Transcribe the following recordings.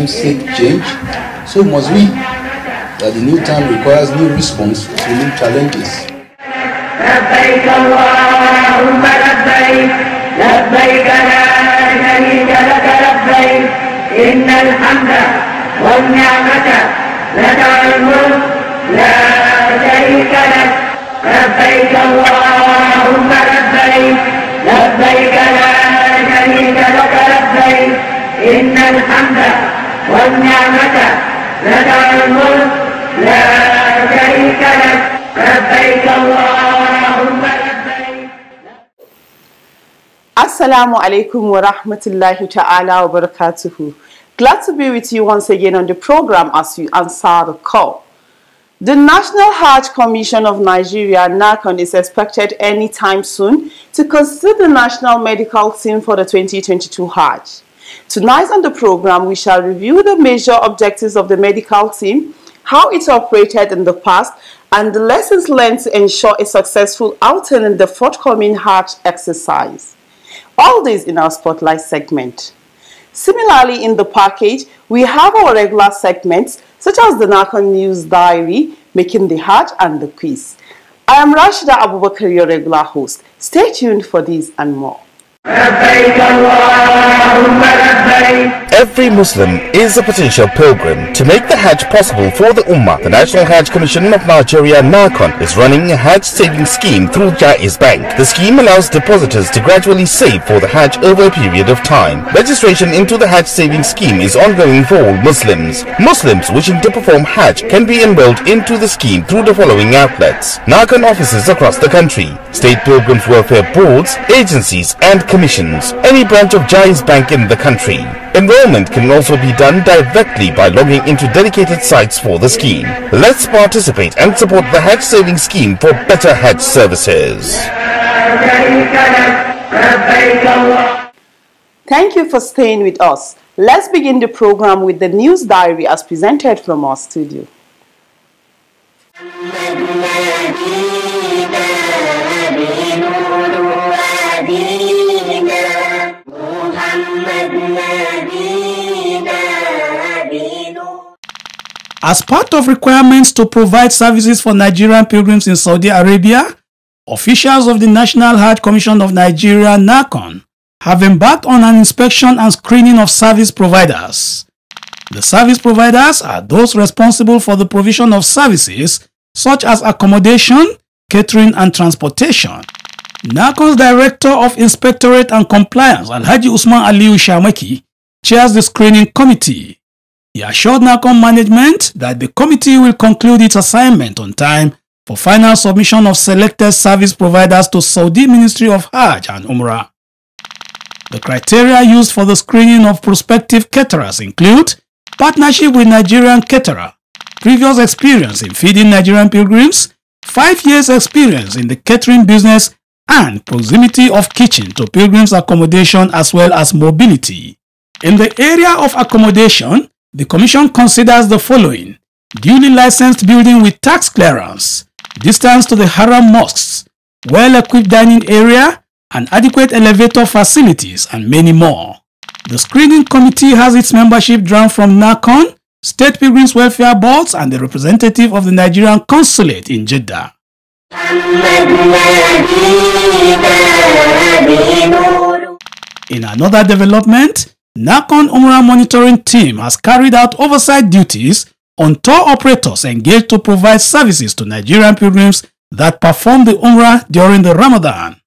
times seek change, so must we, that the new time requires new response to new challenges. لبيك اللهم لبيك لبيك لا شريك لك لبيك إن الحمد والنعمة لك الملك لا شريك لك لبيك اللهم لبيك لبيك لا شريك لك لبيك إن الحمد والنعمة لك الملك لا شريك لك لبيك اللهم Assalamu alaikum wa rahmatullahi ta'ala wa barakatuhu. Glad to be with you once again on the program as you answer the call. The National Hajj Commission of Nigeria, NACON, is expected anytime soon to consider the national medical team for the 2022 Hajj. Tonight on the program, we shall review the major objectives of the medical team, how it operated in the past, and the lessons learned to ensure a successful outing in the forthcoming heart exercise. All this in our spotlight segment. Similarly, in the package, we have our regular segments such as the Nakon News Diary, Making the Heart, and the Quiz. I am Rashida Abubakar, your regular host. Stay tuned for these and more. Every Muslim is a potential pilgrim. To make the Hajj possible for the Ummah, the National Hajj Commission of Nigeria, NARCON, is running a Hajj saving scheme through Jaiz Bank. The scheme allows depositors to gradually save for the Hajj over a period of time. Registration into the Hajj saving scheme is ongoing for all Muslims. Muslims wishing to perform Hajj can be enrolled into the scheme through the following outlets. NARCON offices across the country, state pilgrims welfare boards, agencies and commissions any branch of Jai's Bank in the country. Enrollment can also be done directly by logging into dedicated sites for the scheme. Let's participate and support the Hatch Saving Scheme for better Hatch services. Thank you for staying with us. Let's begin the program with the news diary as presented from our studio. As part of requirements to provide services for Nigerian pilgrims in Saudi Arabia, officials of the National Hajj Commission of Nigeria NACON have embarked on an inspection and screening of service providers. The service providers are those responsible for the provision of services such as accommodation, catering and transportation. NACON's Director of Inspectorate and Compliance, Alhaji Usman Aliu Shameki, chairs the screening committee. He assured NACOM management that the committee will conclude its assignment on time for final submission of selected service providers to Saudi Ministry of Hajj and Umrah. The criteria used for the screening of prospective caterers include partnership with Nigerian caterer, previous experience in feeding Nigerian pilgrims, five years experience in the catering business, and proximity of kitchen to pilgrims' accommodation as well as mobility. In the area of accommodation, the Commission considers the following duly licensed building with tax clearance, distance to the haram mosques, well-equipped dining area, and adequate elevator facilities, and many more. The screening committee has its membership drawn from NACON, State Pilgrims Welfare Boards, and the representative of the Nigerian Consulate in Jeddah. In another development, Nakon Umrah Monitoring Team has carried out oversight duties on tour operators engaged to provide services to Nigerian pilgrims that perform the Umrah during the Ramadan.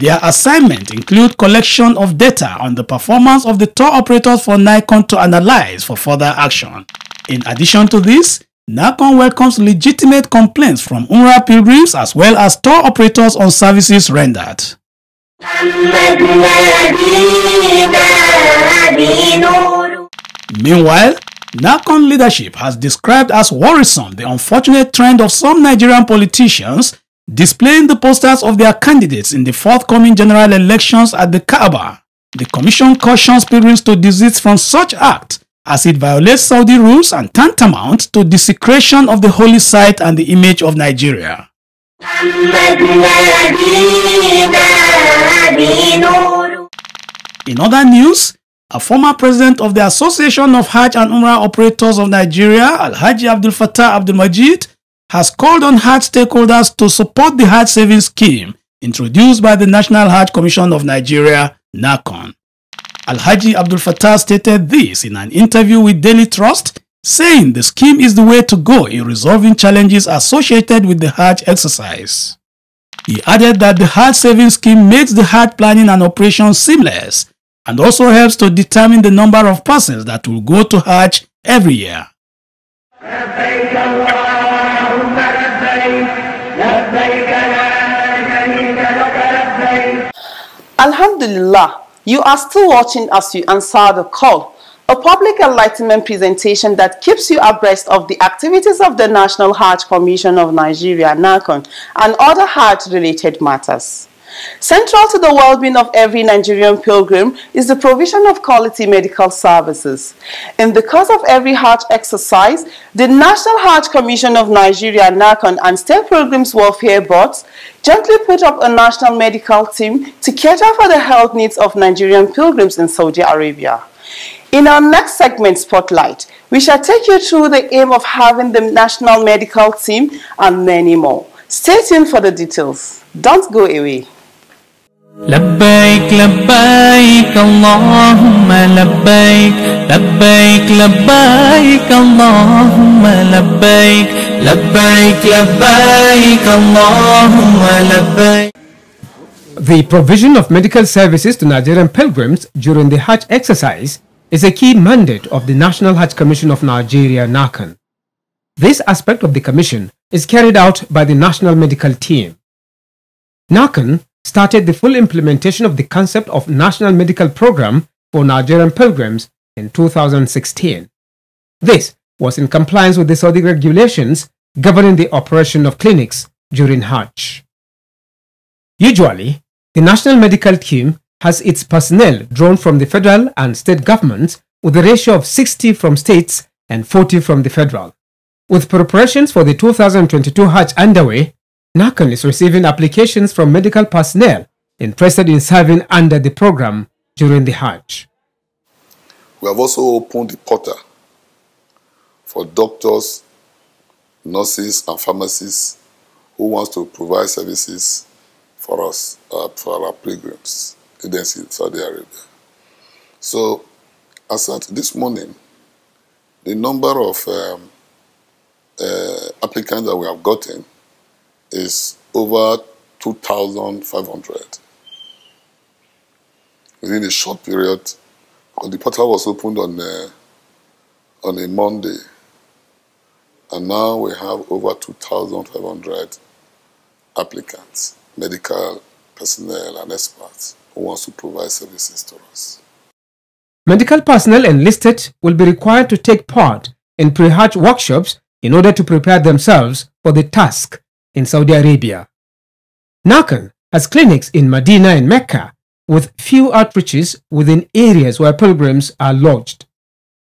Their assignment include collection of data on the performance of the tour operators for Nikon to analyze for further action. In addition to this, Nakon welcomes legitimate complaints from Umrah pilgrims as well as tour operators on services rendered. Meanwhile, NACON leadership has described as worrisome the unfortunate trend of some Nigerian politicians displaying the posters of their candidates in the forthcoming general elections at the Kaaba. The commission cautions pilgrims to desist from such act as it violates Saudi rules and tantamount to desecration of the holy site and the image of Nigeria. In other news, a former president of the Association of Hajj and Umrah Operators of Nigeria, Al-Haji Abdul Fattah Abdul Majid, has called on Hajj stakeholders to support the Hajj savings scheme introduced by the National Hajj Commission of Nigeria, NACON. Al-Haji Abdul Fattah stated this in an interview with Daily Trust saying the scheme is the way to go in resolving challenges associated with the Hajj exercise. He added that the Hajj saving scheme makes the Hajj planning and operation seamless and also helps to determine the number of persons that will go to Hajj every year. Alhamdulillah, you are still watching as you answer the call a public enlightenment presentation that keeps you abreast of the activities of the National Heart Commission of Nigeria, NACON, and other heart-related matters. Central to the well-being of every Nigerian pilgrim is the provision of quality medical services. In the course of every heart exercise, the National Heart Commission of Nigeria, NACON, and State Pilgrims Welfare Boards gently put up a national medical team to cater for the health needs of Nigerian pilgrims in Saudi Arabia. In our next segment, Spotlight, we shall take you through the aim of having the national medical team and many more. Stay tuned for the details. Don't go away. لبيك لبيك اللهم لبيك لبيك لبيك اللهم لبيك لبيك لبيك اللهم لبيك The provision of medical services to Nigerian pilgrims during the Hajj exercise is a key mandate of the National Hajj Commission of Nigeria, NACAN. This aspect of the commission is carried out by the national medical team. NACAN started the full implementation of the concept of National Medical Program for Nigerian Pilgrims in 2016. This was in compliance with the Saudi regulations governing the operation of clinics during Hajj. Usually, the national medical team has its personnel drawn from the federal and state governments with a ratio of 60 from states and 40 from the federal. With preparations for the 2022 Hajj underway, Nakan is receiving applications from medical personnel interested in serving under the program during the Hajj. We have also opened the portal for doctors, nurses, and pharmacists who want to provide services for us, uh, for our pilgrims agency in Saudi Arabia. So, as at this morning, the number of um, uh, applicants that we have gotten is over 2,500 within a short period. The portal was opened on a, uh, on a Monday, and now we have over 2,500 applicants, medical personnel, and experts who wants to provide services to us. Medical personnel enlisted will be required to take part in pre-Hajj workshops in order to prepare themselves for the task in Saudi Arabia. Nakan has clinics in Medina and Mecca with few outreaches within areas where pilgrims are lodged.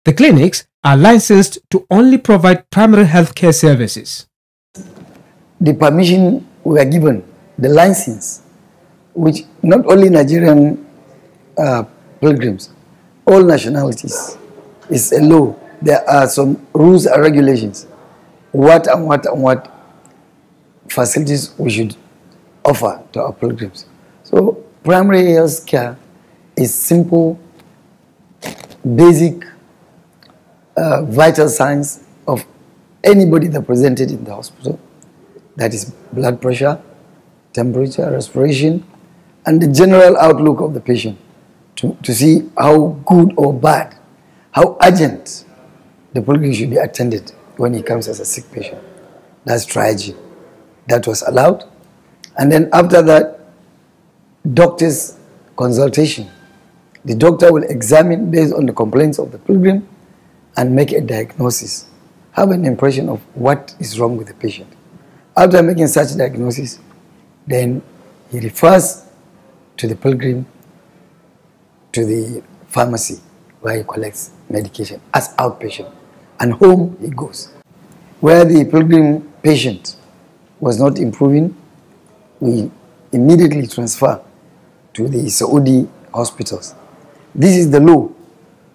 The clinics are licensed to only provide primary health care services. The permission we are given, the license which not only Nigerian uh, pilgrims, all nationalities. It's a law. There are some rules and regulations. What and what and what facilities we should offer to our pilgrims. So, primary health care is simple, basic, uh, vital signs of anybody that presented in the hospital. That is blood pressure, temperature, respiration, and the general outlook of the patient to, to see how good or bad, how urgent the pulmonary should be attended when he comes as a sick patient. That's triage. That was allowed. And then after that, doctor's consultation. The doctor will examine based on the complaints of the pilgrim and make a diagnosis, have an impression of what is wrong with the patient. After making such diagnosis, then he refers to the pilgrim, to the pharmacy where he collects medication as outpatient, and home he goes. Where the pilgrim patient was not improving, we immediately transfer to the Saudi hospitals. This is the law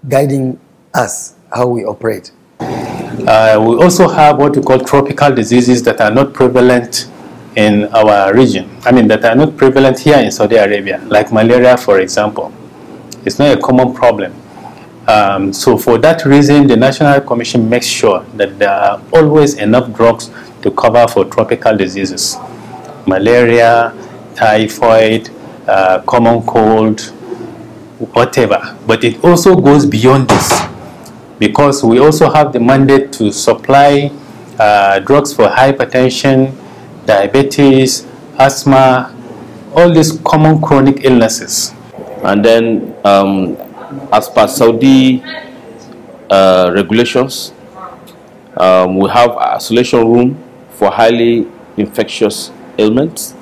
guiding us how we operate. Uh, we also have what we call tropical diseases that are not prevalent in our region, I mean, that are not prevalent here in Saudi Arabia, like malaria, for example. It's not a common problem. Um, so for that reason, the National Commission makes sure that there are always enough drugs to cover for tropical diseases. Malaria, typhoid, uh, common cold, whatever. But it also goes beyond this because we also have the mandate to supply uh, drugs for hypertension, diabetes, asthma, all these common chronic illnesses. And then, um, as per Saudi uh, regulations, um, we have isolation room for highly infectious ailments,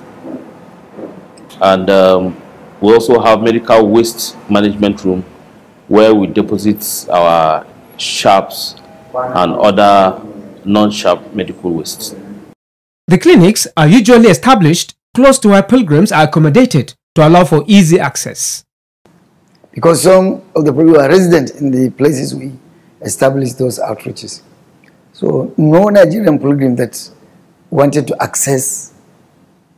and um, we also have medical waste management room where we deposit our sharps and other non-sharp medical wastes. The clinics are usually established close to where pilgrims are accommodated to allow for easy access. Because some of the people are resident in the places we establish those outreaches. So no Nigerian pilgrim that wanted to access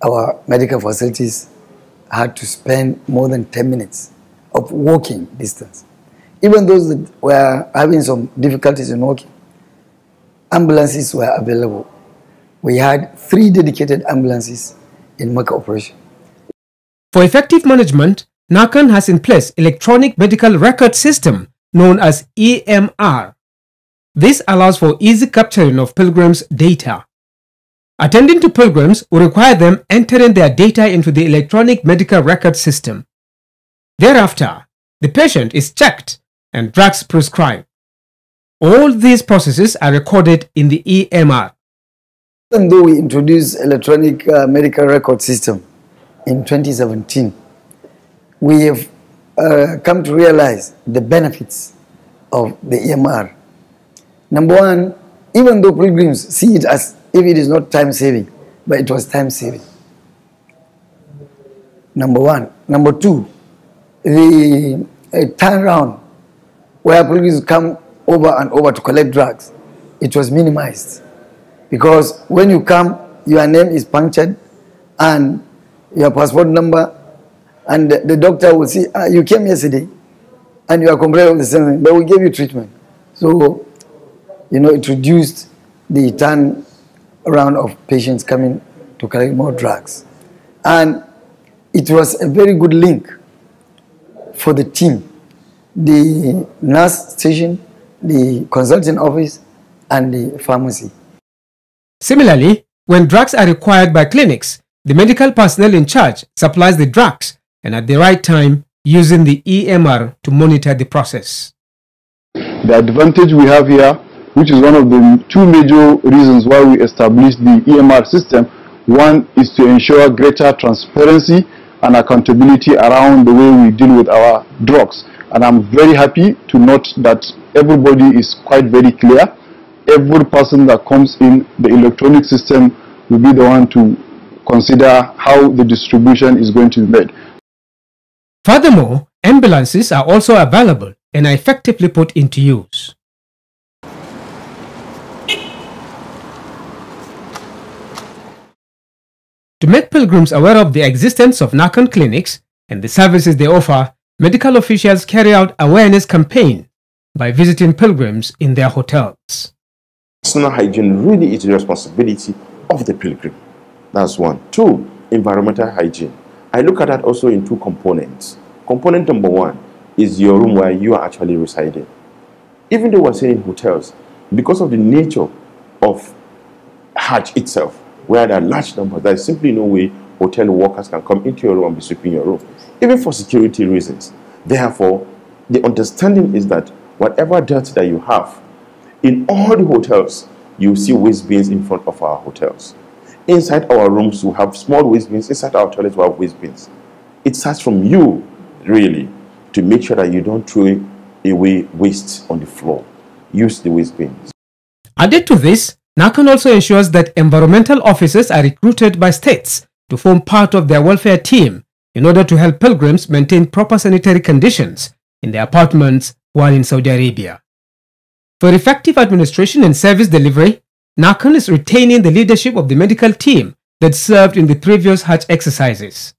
our medical facilities had to spend more than 10 minutes of walking distance. Even those that were having some difficulties in walking, ambulances were available we had three dedicated ambulances in Mecca operation. For effective management, NACAN has in place electronic medical record system known as EMR. This allows for easy capturing of pilgrims' data. Attending to pilgrims will require them entering their data into the electronic medical record system. Thereafter, the patient is checked and drugs prescribed. All these processes are recorded in the EMR. Even though we introduced electronic uh, medical record system in 2017, we have uh, come to realize the benefits of the EMR. Number one, even though pilgrims see it as if it is not time saving, but it was time saving. Number one. Number two, the uh, turnaround where pilgrims come over and over to collect drugs, it was minimized. Because when you come, your name is punctured and your passport number, and the, the doctor will see, ah, you came yesterday and you are complaining of the same thing, but we gave you treatment. So, you know, it reduced the turn around of patients coming to collect more drugs. And it was a very good link for the team the nurse station, the consulting office, and the pharmacy. Similarly, when drugs are required by clinics, the medical personnel in charge supplies the drugs and at the right time using the EMR to monitor the process. The advantage we have here, which is one of the two major reasons why we established the EMR system, one is to ensure greater transparency and accountability around the way we deal with our drugs. And I'm very happy to note that everybody is quite very clear every person that comes in the electronic system will be the one to consider how the distribution is going to be made. Furthermore, ambulances are also available and are effectively put into use. To make pilgrims aware of the existence of Nakan clinics and the services they offer, medical officials carry out awareness campaign by visiting pilgrims in their hotels. Personal hygiene really is the responsibility of the pilgrim. That's one. Two, environmental hygiene. I look at that also in two components. Component number one is your room where you are actually residing. Even though we're staying in hotels, because of the nature of Hajj itself, where there are large numbers, there is simply no way hotel workers can come into your room and be sweeping your room, even for security reasons. Therefore, the understanding is that whatever dirt that you have in all the hotels, you see waste bins in front of our hotels. Inside our rooms, we have small waste bins. Inside our toilets, we have waste bins. It starts from you, really, to make sure that you don't throw away waste on the floor. Use the waste bins. Added to this, NACAN also ensures that environmental officers are recruited by states to form part of their welfare team in order to help pilgrims maintain proper sanitary conditions in their apartments while in Saudi Arabia. For effective administration and service delivery, NACON is retaining the leadership of the medical team that served in the previous Hajj exercises.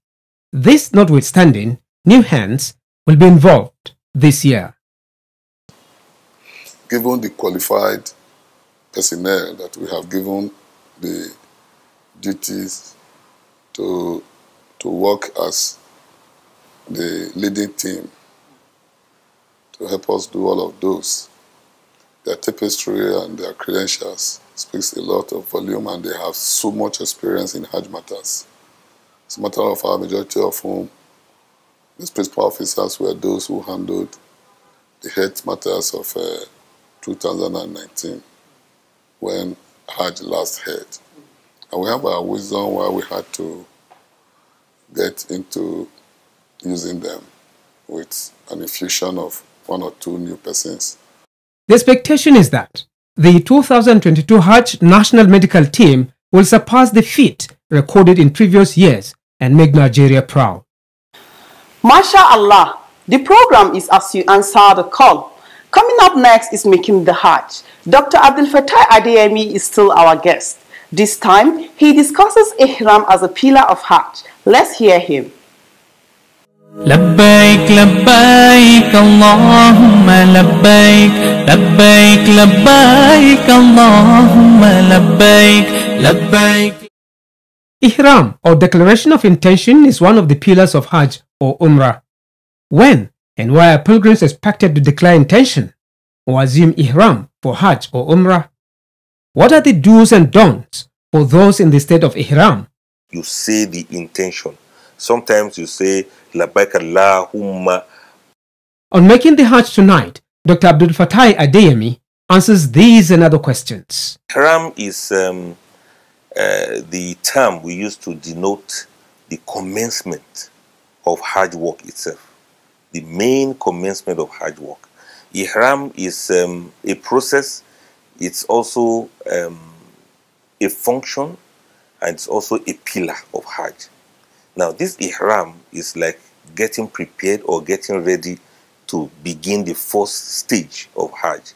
This notwithstanding, new hands will be involved this year. Given the qualified personnel that we have given the duties to, to work as the leading team to help us do all of those their tapestry and their credentials speaks a lot of volume and they have so much experience in Hajj matters. As a matter of fact, majority of whom these principal officers were those who handled the Hajj matters of uh, 2019 when Hajj last held. And we have a wisdom why we had to get into using them with an infusion of one or two new persons the expectation is that the 2022 Hajj national medical team will surpass the feat recorded in previous years and make Nigeria proud. Masha Allah, the program is as you answer the call. Coming up next is Making the Hajj. Dr. Abdul Fattah Adeyemi is still our guest. This time, he discusses Ihram as a pillar of Hajj. Let's hear him. لبيك لبيك اللهم لبيك لبيك لبيك اللهم لبيك لبيك Ihram or declaration of intention is one of the pillars of Hajj or Umrah. When and why are pilgrims expected to declare intention or assume Ihram for Hajj or Umrah? What are the do's and don'ts for those in the state of Ihram? You say the intention. Sometimes you say Allahumma. On making the Hajj tonight, Dr. Abdul Fatai Adeyemi answers these and other questions. Haram is um, uh, the term we use to denote the commencement of Hajj work itself, the main commencement of Hajj work. Ihram is um, a process, it's also um, a function, and it's also a pillar of Hajj. Now, this ihram is like getting prepared or getting ready to begin the first stage of Hajj.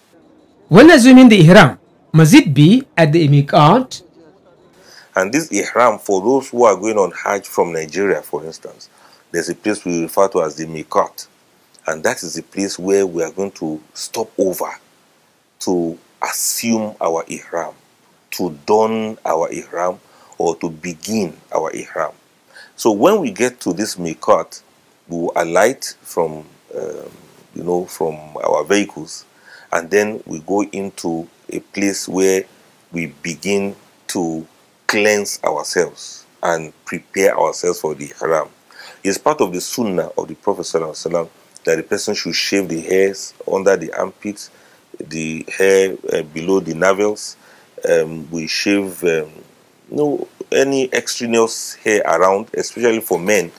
When assuming the ihram, must it be at the miqat? And this ihram, for those who are going on Hajj from Nigeria, for instance, there's a place we refer to as the miqat. And that is the place where we are going to stop over to assume our ihram, to don our ihram, or to begin our ihram. So when we get to this Mikot, we will alight from, um, you know, from our vehicles, and then we go into a place where we begin to cleanse ourselves and prepare ourselves for the haram. It's part of the sunnah of the Prophet that the person should shave the hairs under the armpits, the hair uh, below the navels. Um, we shave, um, you know, any extraneous hair around, especially for men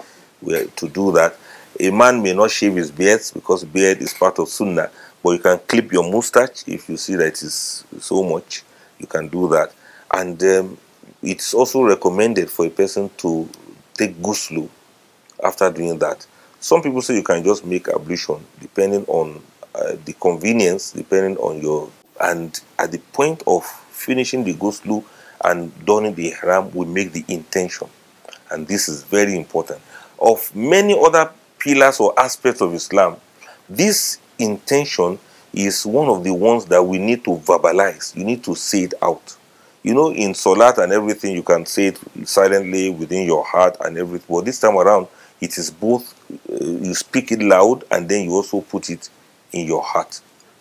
to do that. A man may not shave his beard because beard is part of sunnah, but you can clip your mustache if you see that it is so much. You can do that. And um, it's also recommended for a person to take ghusl after doing that. Some people say you can just make ablution depending on uh, the convenience, depending on your. And at the point of finishing the ghusl, and donning the ihram we make the intention and this is very important of many other pillars or aspects of islam this intention is one of the ones that we need to verbalize you need to say it out you know in salat and everything you can say it silently within your heart and everything but this time around it is both uh, you speak it loud and then you also put it in your heart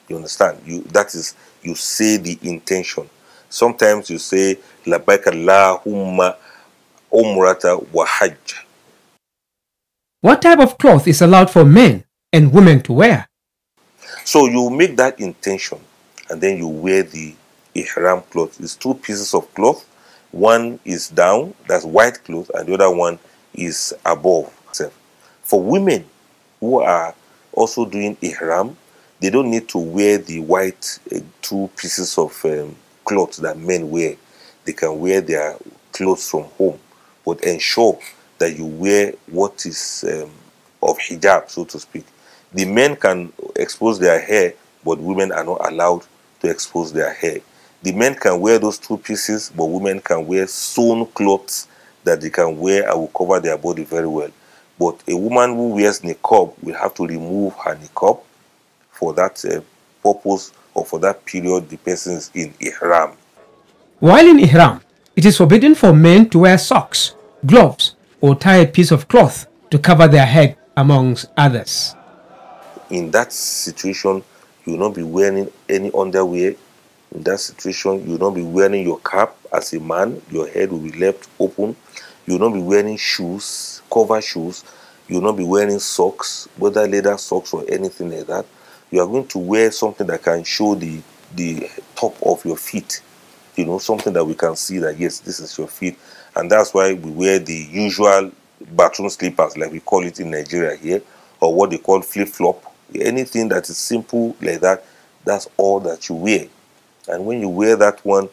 you understand you that is you say the intention Sometimes you say, Labbaik Allahumma Umrata wa Hajj. What type of cloth is allowed for men and women to wear? So you make that intention and then you wear the ihram cloth. It's two pieces of cloth. One is down, that's white cloth, and the other one is above. For women who are also doing ihram, they don't need to wear the white uh, two pieces of um, clothes that men wear. They can wear their clothes from home, but ensure that you wear what is um, of hijab, so to speak. The men can expose their hair, but women are not allowed to expose their hair. The men can wear those two pieces, but women can wear sewn clothes that they can wear and will cover their body very well. But a woman who wears niqab will have to remove her niqab for that uh, purpose or for that period the person is in Ihram. While in Ihram, it is forbidden for men to wear socks, gloves, or tie a piece of cloth to cover their head, amongst others. In that situation, you will not be wearing any underwear. In that situation, you will not be wearing your cap as a man. Your head will be left open. You will not be wearing shoes, cover shoes. You will not be wearing socks, whether leather socks or anything like that. you are going to wear something that can show the the top of your feet you know something that we can see that yes this is your feet and that's why we wear the usual bathroom slippers like we call it in nigeria here or what they call flip-flop anything that is simple like that that's all that you wear and when you wear that one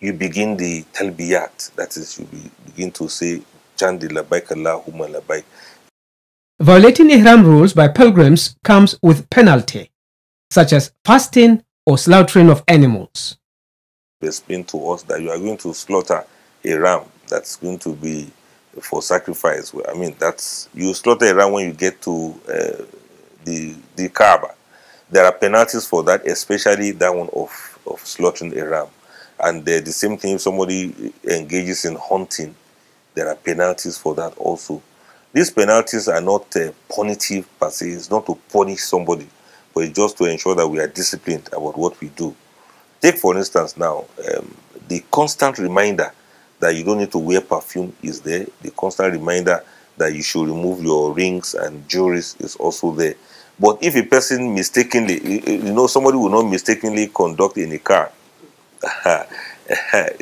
you begin the talbiyat that is you begin to say chant the labaik allahumma labaik Violating Ihram rules by pilgrims comes with penalty, such as fasting or slaughtering of animals. It's been to us that you are going to slaughter a ram that's going to be for sacrifice. I mean, that's you slaughter a ram when you get to uh, the the Kaaba. There are penalties for that, especially that one of, of slaughtering a ram. And uh, the same thing if somebody engages in hunting, there are penalties for that also. These penalties are not uh, punitive per se. It's not to punish somebody, but it's just to ensure that we are disciplined about what we do. Take, for instance, now um, the constant reminder that you don't need to wear perfume is there. The constant reminder that you should remove your rings and jewelry is also there. But if a person mistakenly, you know, somebody will not mistakenly conduct in a car.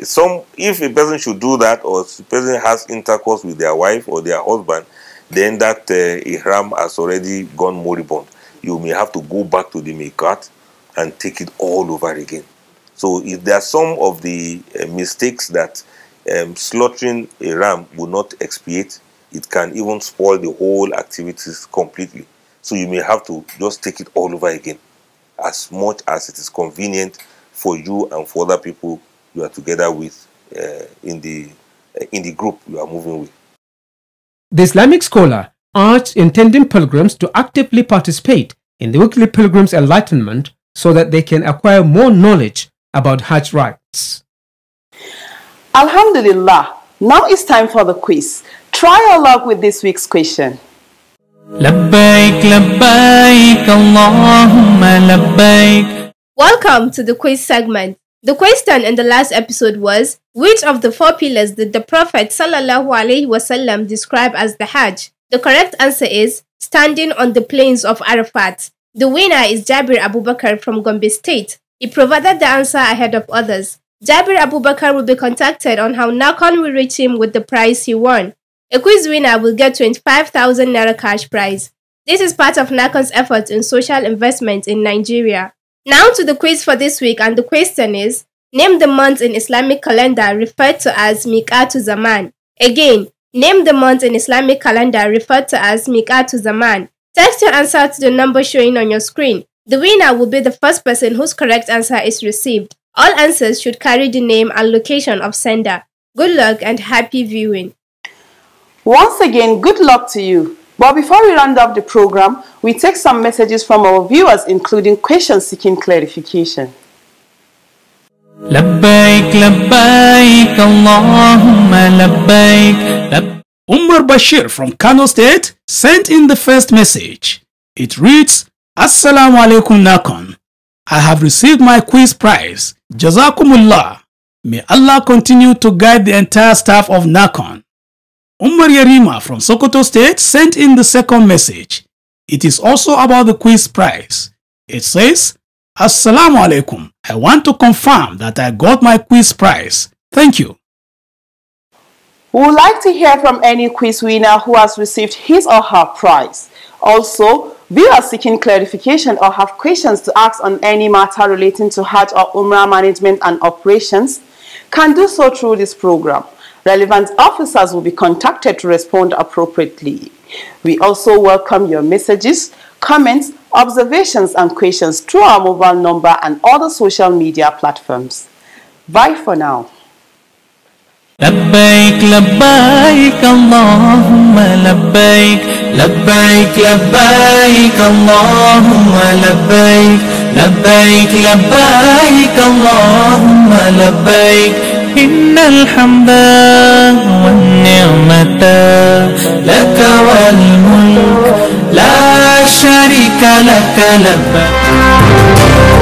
Some, if a person should do that, or a person has intercourse with their wife or their husband, then that uh, ram has already gone moribund. You may have to go back to the Mikat and take it all over again. So if there are some of the uh, mistakes that um, slaughtering a ram will not expiate, it can even spoil the whole activities completely. So you may have to just take it all over again. As much as it is convenient for you and for other people you are together with uh, in the uh, in the group you are moving with. The Islamic scholar urged intending pilgrims to actively participate in the weekly pilgrim's enlightenment so that they can acquire more knowledge about Hajj rites. Alhamdulillah, now it's time for the quiz. Try your luck with this week's question. Labbaik, labbaik, Allahumma labbaik. Welcome to the quiz segment. The question in the last episode was which of the four pillars did the Prophet ﷺ describe as the Hajj? The correct answer is standing on the plains of Arafat. The winner is Jabir Abubakar from Gombe State. He provided the answer ahead of others. Jabir Abubakar will be contacted on how Nakon will reach him with the prize he won. A quiz winner will get 25,000 Naira cash prize. This is part of Nakon's efforts in social investment in Nigeria. Now to the quiz for this week and the question is, Name the month in Islamic calendar referred to as Miqatu Zaman. Again, name the month in Islamic calendar referred to as Miqatu Zaman. Text your answer to the number showing on your screen. The winner will be the first person whose correct answer is received. All answers should carry the name and location of sender. Good luck and happy viewing. Once again, good luck to you. But before we round up the program, we take some messages from our viewers including questions seeking clarification. Umar Bashir from Kano State sent in the first message. It reads, Assalamu alaikum Nakon. I have received my quiz prize. Jazakumullah. May Allah continue to guide the entire staff of Nakon. Umar Yarima from Sokoto State sent in the second message. It is also about the quiz prize. It says, Assalamu alaikum. I want to confirm that I got my quiz prize. Thank you. We would like to hear from any quiz winner who has received his or her prize. Also, are seeking clarification or have questions to ask on any matter relating to Hajj or Umrah management and operations can do so through this program. Relevant officers will be contacted to respond appropriately. We also welcome your messages, comments, observations and questions through our mobile number and other social media platforms. Bye for now. لبيك لبيك اللهم لبيك لبيك لبيك اللهم لبيك لبيك لبيك اللهم لبيك إن الحمد والنعمة لك والملك لا شريك لك لبك